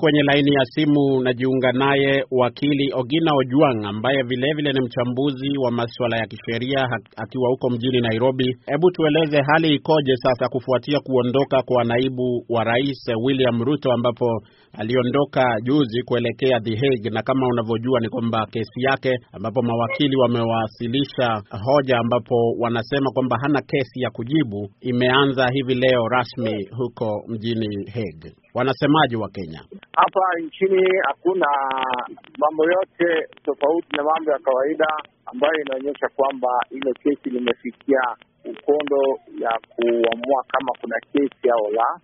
Kwenye laini ya simu najiunga naye wakili Ogina Ojuang ambaye vilevile ni mchambuzi wa masuala ya kisheria akiwa huko mjini Nairobi. Hebu tueleze hali ikoje sasa kufuatia kuondoka kwa naibu wa rais eh, William Ruto ambapo aliondoka juzi kuelekea The Hague, na kama unavyojua ni kwamba kesi yake ambapo mawakili wamewasilisha hoja ambapo wanasema kwamba hana kesi ya kujibu imeanza hivi leo rasmi huko mjini Hague. wanasemaji wa Kenya? Hapa nchini hakuna mambo yote tofauti na mambo ya kawaida ambayo inaonyesha kwamba ile kesi limefikia ukondo ya kuamua kama kuna kesi au la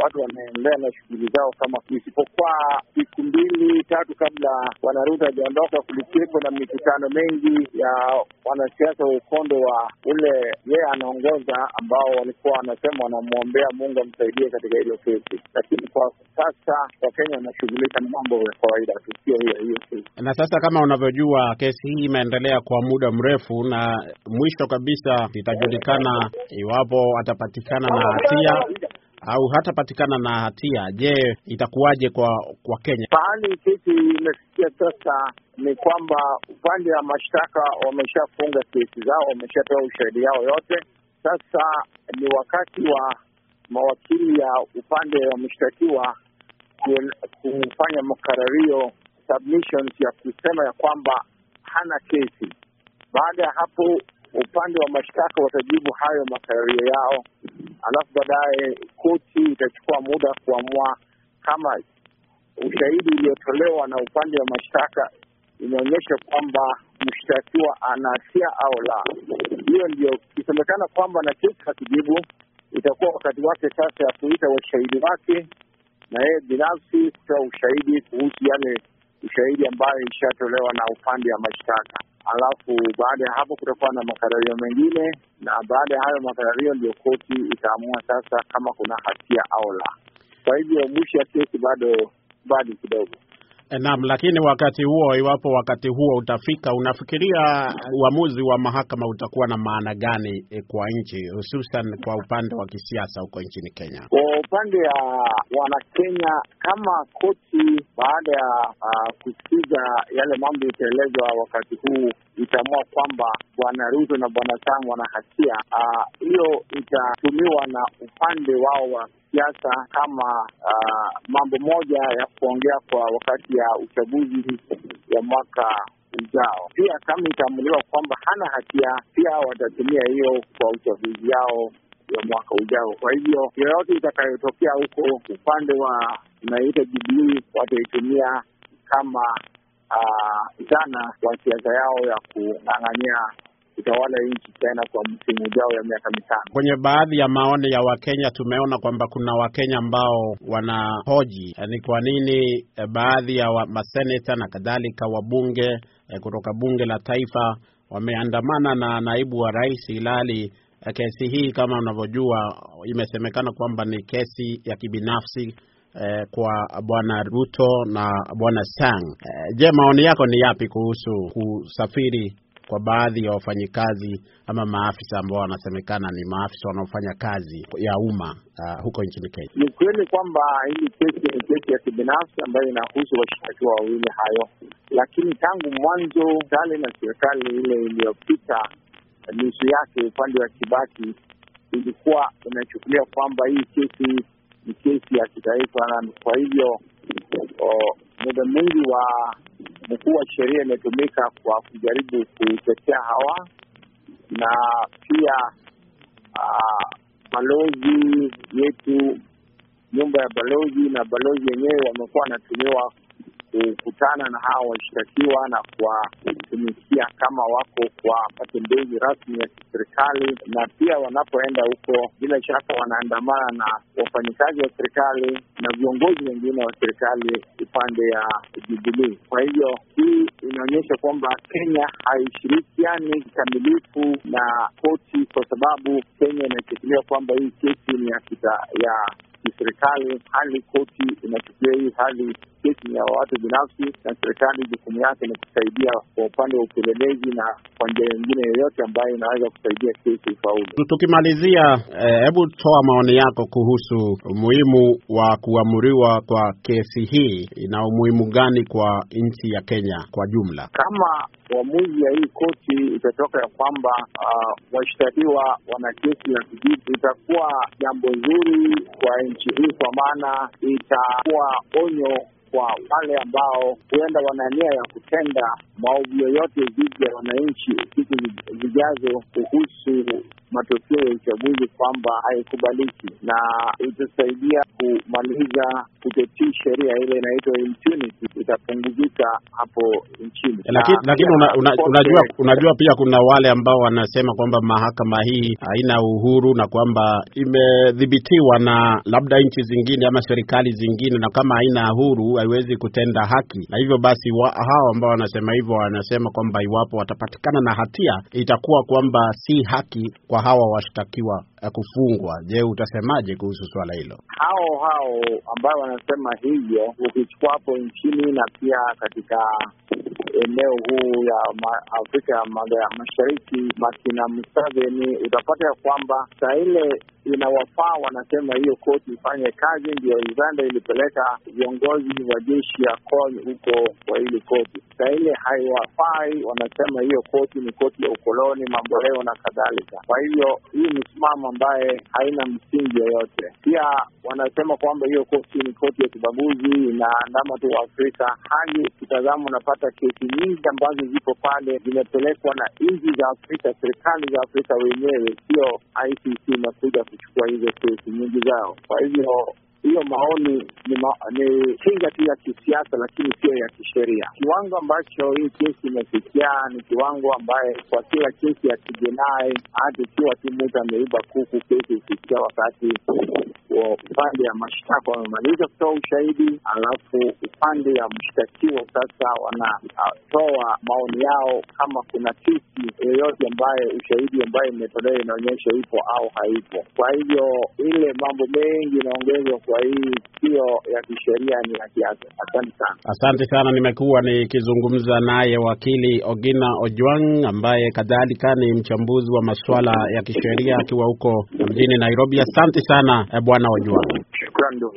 watu wanaendelea na shughuli zao kama isipokuwa siku mbili tatu kabla bwana Ruto hajaondoka, kulikuwepo na mikutano mengi ya wanasiasa wa ukondo wa ule yeye anaongoza, ambao walikuwa wanasema wanamwombea Mungu amsaidie katika hilo kesi, lakini kwa sasa Wakenya wanashughulika na mambo ya kawaida tu, sio hiyo hiyo kesi. Na sasa kama unavyojua, kesi hii imeendelea kwa muda mrefu, na mwisho kabisa itajulikana iwapo atapatikana na hatia au hatapatikana na hatia, je, itakuwaje kwa kwa Kenya? Pahali kesi imefikia sasa ni kwamba upande wa mashtaka wameshafunga kesi zao, wameshatoa ushahidi yao yote. Sasa ni wakati wa mawakili ya upande wa mshtakiwa kufanya makarario submissions ya kusema ya kwamba hana kesi. Baada ya hapo, upande wa mashtaka watajibu hayo makarario yao alafu baadaye koti itachukua muda kuamua kama ushahidi uliotolewa na upande wa mashtaka inaonyesha kwamba mshtakiwa ana au la. Hiyo ndio ikisemekana kwamba na kesi hakijibu, itakuwa wakati wake sasa ya kuita washahidi wake na yeye binafsi kutoa ushahidi kuhusu yale ushahidi ambayo ishatolewa na upande wa mashtaka alafu baada ya hapo kutakuwa na makarario mengine, na baada ya hayo makarario ndio koti itaamua sasa kama kuna hatia au la. Kwa hivyo mwisho ya kesi bado bado kidogo. Naam, lakini wakati huo, iwapo wakati huo utafika, unafikiria uamuzi wa mahakama utakuwa na maana gani e, kwa nchi, hususan kwa upande wa kisiasa huko nchini Kenya? Kwa upande ya Wanakenya, kama koti baada ya uh, kusikiza yale mambo itaelezwa wakati huu itaamua kwamba bwana Ruto na bwana Sang wana hatia, ah, hiyo itatumiwa na upande wao wa siasa kama uh, mambo moja ya kuongea kwa wakati ya uchaguzi ya mwaka ujao. Pia kama itaamuliwa kwamba hana hatia, pia watatumia hiyo kwa uchaguzi yao ya mwaka ujao. Kwa hivyo yoyote itakayotokea huko upande wa naita Jubilii wataitumia kama zana ah, kwa siasa yao ya kung'ang'ania utawala nchi tena kwa msimu ujao ya miaka mitano. Kwenye baadhi ya maoni ya Wakenya tumeona kwamba kuna Wakenya ambao wanahoji eh, ni kwa nini eh, baadhi ya maseneta na kadhalika wabunge eh, kutoka bunge la taifa wameandamana na naibu wa rais ilali kesi hii kama unavyojua imesemekana kwamba ni kesi ya kibinafsi eh, kwa bwana Ruto na bwana Sang. Eh, je, maoni yako ni yapi kuhusu kusafiri kwa baadhi ya wafanyikazi ama maafisa ambao wanasemekana ni maafisa wanaofanya kazi ya umma uh, huko nchini Kenya? Ni kweli kwamba hii kesi ni kesi ya kibinafsi ambayo inahusu washtakiwa wawili hayo, lakini tangu mwanzo serikali na serikali ile iliyopita nusu yake upande wa Kibaki ilikuwa inachukulia kwamba hii kesi ni kesi ya kitaifa, na kwa hivyo muda mwingi wa mkuu wa sheria imetumika kwa kujaribu kuitetea hawa na pia balozi yetu, nyumba ya balozi na balozi yenyewe wamekuwa wanatumiwa kukutana na hawa washtakiwa na kuwatumikia kama wako kwa matembezi rasmi ya kiserikali, na pia wanapoenda huko, bila shaka wanaandamana na wafanyikazi wa serikali na viongozi wengine wa serikali upande ya Jubilii. Kwa hivyo hii inaonyesha kwamba Kenya haishirikiani kikamilifu na koti, kwa sababu Kenya inachukulia kwamba hii kesi ni ya kita ya kiserikali hali koti inachukulia hii hali kesi ni ya watu binafsi, na serikali jukumu yake ni kusaidia kwa upande wa upelelezi na kwa njia nyingine yoyote ambayo inaweza kusaidia kesi ifaulu. Tukimalizia, eh, hebu eh, toa maoni yako kuhusu umuhimu wa kuamuriwa kwa kesi hii. Ina umuhimu gani kwa nchi ya Kenya kwa jumla? Kama uamuzi ya hii koti itatoka ya kwamba uh, washtakiwa wana kesi ya kijiji itakuwa jambo zuri kwa nchi hii, kwa maana itakuwa onyo kwa wale ambao huenda wana nia ya kutenda maovu yoyote dhidi ya wananchi siku zijazo kuhusu matokeo ya uchaguzi kwamba haikubaliki, na itasaidia kumaliza kutetii sheria ile inaitwa impunity, itapunguzika hapo nchini. Eh, lakini lakini unajua, unajua pia kuna wale ambao wanasema kwamba mahakama hii haina uhuru na kwamba imedhibitiwa na labda nchi zingine ama serikali zingine, na kama haina uhuru haiwezi kutenda haki, na hivyo basi hao ambao wanasema hivyo wanasema kwamba iwapo watapatikana na hatia itakuwa kwamba si haki kwa hawa washtakiwa eh, kufungwa. Je, utasemaje kuhusu swala hilo? Hao hao ambao wanasema hivyo, ukichukua hapo nchini na pia katika eneo huu ya Afrika ya Mashariki, makina Museveni, utapata ya kwamba saa ile inawafaa wanasema hiyo koti ifanye kazi, ndio Uganda ilipeleka viongozi wa jeshi ya kony huko kwa hili koti. Saa ile haiwafai, wanasema hiyo koti ni koti ya ukoloni, mamboleo na kadhalika. Kwa hivyo hii ni msimamo ambaye haina msingi yoyote. Pia wanasema kwamba hiyo koti ni koti ya kibaguzi, inaandama tu Waafrika. Hali ukitazama unapata kesi nyingi ambazo ziko pale zimepelekwa na nchi za Afrika, serikali za Afrika wenyewe, sio ICC imekuja kuchukua hizo kesi nyingi zao. Kwa hivyo hiyo maoni ni ma, kinga tu ya kisiasa, lakini sio ya kisheria. Kiwango ambacho hii kesi imefikia ni kiwango ambaye kwa kila kesi ya kijinai, hata ikiwa tu mtu ameiba kuku, kesi ikifikia wakati upande ya mashtaka wamemaliza kutoa ushahidi, alafu upande ya mshtakiwa sasa wanatoa maoni yao, kama kuna kesi yoyote ambayo ushahidi ambayo imetolewa inaonyesha ipo au haipo. Kwa hivyo ile mambo mengi inaongezwa kwa hii sio ya kisheria, ni ya kiasa. Asante sana, asante sana. Nimekuwa nikizungumza naye wakili Ogina Ojwang ambaye kadhalika ni mchambuzi wa masuala ya kisheria akiwa huko mjini Nairobi. Asante sana eh, bwana wanaojua. Shukrani ndugu.